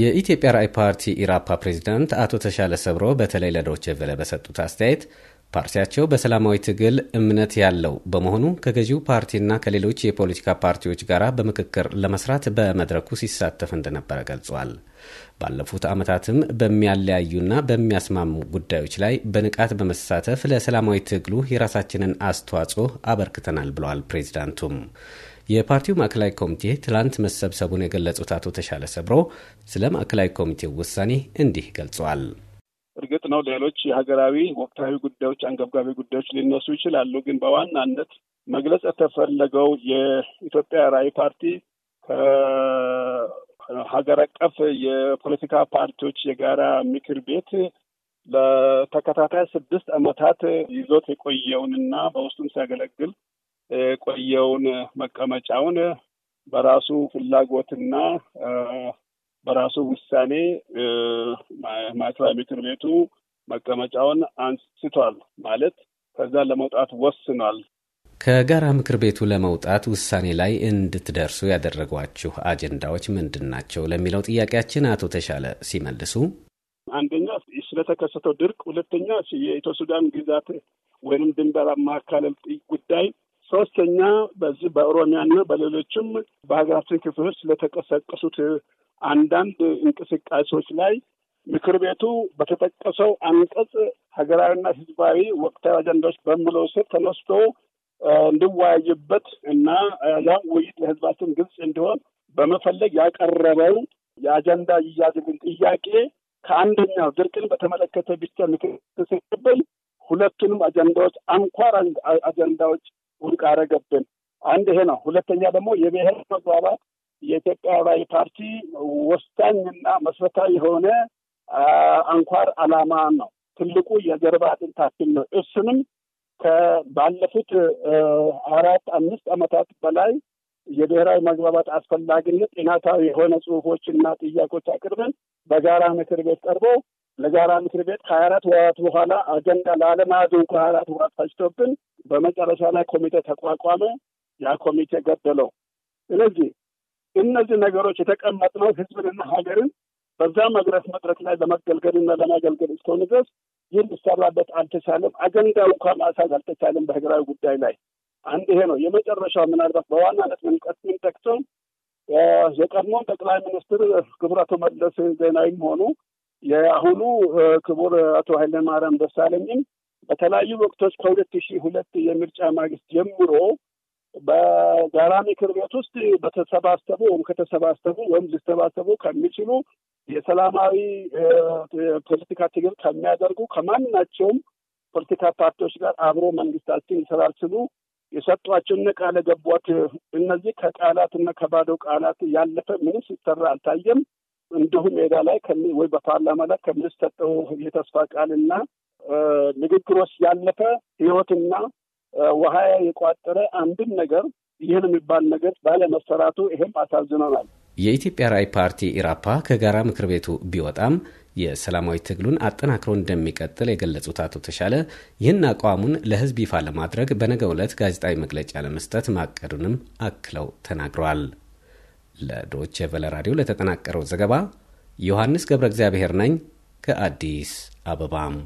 የኢትዮጵያ ራይ ፓርቲ ኢራፓ ፕሬዚዳንት አቶ ተሻለ ሰብሮ በተለይ ለዶች ቨለ በሰጡት አስተያየት ፓርቲያቸው በሰላማዊ ትግል እምነት ያለው በመሆኑ ከገዢው ፓርቲና ከሌሎች የፖለቲካ ፓርቲዎች ጋር በምክክር ለመስራት በመድረኩ ሲሳተፍ እንደነበረ ገልጿል። ባለፉት ዓመታትም በሚያለያዩና በሚያስማሙ ጉዳዮች ላይ በንቃት በመሳተፍ ለሰላማዊ ትግሉ የራሳችንን አስተዋጽኦ አበርክተናል ብለዋል ፕሬዚዳንቱም የፓርቲው ማዕከላዊ ኮሚቴ ትላንት መሰብሰቡን የገለጹት አቶ ተሻለ ሰብሮ ስለ ማዕከላዊ ኮሚቴው ውሳኔ እንዲህ ገልጸዋል። እርግጥ ነው ሌሎች የሀገራዊ ወቅታዊ ጉዳዮች፣ አንገብጋቢ ጉዳዮች ሊነሱ ይችላሉ። ግን በዋናነት መግለጽ የተፈለገው የኢትዮጵያ ራዕይ ፓርቲ ከሀገር አቀፍ የፖለቲካ ፓርቲዎች የጋራ ምክር ቤት ለተከታታይ ስድስት ዓመታት ይዞት የቆየውንና በውስጡም ሲያገለግል የቆየውን መቀመጫውን በራሱ ፍላጎትና በራሱ ውሳኔ ማዕከላዊ ምክር ቤቱ መቀመጫውን አንስቷል ማለት ከዛ ለመውጣት ወስኗል። ከጋራ ምክር ቤቱ ለመውጣት ውሳኔ ላይ እንድትደርሱ ያደረጓችሁ አጀንዳዎች ምንድን ናቸው ለሚለው ጥያቄያችን አቶ ተሻለ ሲመልሱ፣ አንደኛ ስለተከሰተው ድርቅ፣ ሁለተኛ የኢትዮ ሱዳን ግዛት ወይም ድንበር ማካለል ጉዳይ ሶስተኛ በዚህ በኦሮሚያና በሌሎችም በሀገራችን ክፍሎች ስለተቀሰቀሱት አንዳንድ እንቅስቃሴዎች ላይ ምክር ቤቱ በተጠቀሰው አንቀጽ ሀገራዊና ሕዝባዊ ወቅታዊ አጀንዳዎች በሚለው ስር ተነስቶ እንዲወያይበት እና ያ ውይይት ለሕዝባችን ግልጽ እንዲሆን በመፈለግ ያቀረበው የአጀንዳ ይያዝልን ጥያቄ ከአንደኛው ድርቅን በተመለከተ ብቻ ምክር ሲቀበል ሁለቱንም አጀንዳዎች አንኳር አጀንዳዎች ውድቅ አረገብን። አንድ ይሄ ነው። ሁለተኛ ደግሞ የብሔር መግባባት የኢትዮጵያ ራዕይ ፓርቲ ወሳኝና መሰረታዊ የሆነ አንኳር አላማ ነው። ትልቁ የጀርባ አጥንታችን ነው። እሱንም ከባለፉት አራት አምስት ዓመታት በላይ የብሔራዊ መግባባት አስፈላጊነት ጥናታዊ የሆነ ጽሁፎችና ጥያቄዎች አቅርበን በጋራ ምክር ቤት ቀርቦ ለጋራ ምክር ቤት ከሀያ አራት ወራት በኋላ አጀንዳ ላለመያዙ እንኳ ሀያ አራት ወራት ፈጅቶብን በመጨረሻ ላይ ኮሚቴ ተቋቋመ። ያ ኮሚቴ ገደለው። ስለዚህ እነዚህ ነገሮች የተቀመጥነው ህዝብንና ሀገርን በዛ መድረክ መድረክ ላይ ለመገልገልና ለማገልገል እስከሆነ ድረስ ይህ ሊሰራበት አልተቻለም። አጀንዳ እንኳ ማሳዝ አልተቻለም በሀገራዊ ጉዳይ ላይ አንድ ይሄ ነው። የመጨረሻው ምናልባት በዋናነት መንቀት የምንጠቅሰው የቀድሞን ጠቅላይ ሚኒስትር ክቡር አቶ መለስ ዜናዊም ሆኑ የአሁኑ ክቡር አቶ ኃይለማርያም ደሳለኝም በተለያዩ ወቅቶች ከሁለት ሺህ ሁለት የምርጫ ማግስት ጀምሮ በጋራ ምክር ቤት ውስጥ በተሰባሰቡ ወይም ከተሰባሰቡ ወይም ሊሰባሰቡ ከሚችሉ የሰላማዊ ፖለቲካ ትግል ከሚያደርጉ ከማናቸውም ፖለቲካ ፓርቲዎች ጋር አብሮ መንግስታችን ይሰራል ሲሉ የሰጧቸውን ቃለ ገቧት። እነዚህ ከቃላት እና ከባዶ ቃላት ያለፈ ምንም ሲሰራ አልታየም። እንዲሁም ሜዳ ላይ ወይ በፓርላማ ላይ ከሚሰጠው የተስፋ ቃልና ንግግሮች ያለፈ ህይወትና ውሃ የቋጠረ አንድም ነገር ይህን የሚባል ነገር ባለመሰራቱ ይህም አሳዝኖናል። የኢትዮጵያ ራዕይ ፓርቲ ኢራፓ ከጋራ ምክር ቤቱ ቢወጣም የሰላማዊ ትግሉን አጠናክሮ እንደሚቀጥል የገለጹት አቶ ተሻለ ይህን አቋሙን ለህዝብ ይፋ ለማድረግ በነገ ዕለት ጋዜጣዊ መግለጫ ለመስጠት ማቀዱንም አክለው ተናግረዋል። ለዶቼ ቨለ ራዲዮ ለተጠናቀረው ዘገባ ዮሐንስ ገብረ እግዚአብሔር ነኝ ከአዲስ አበባም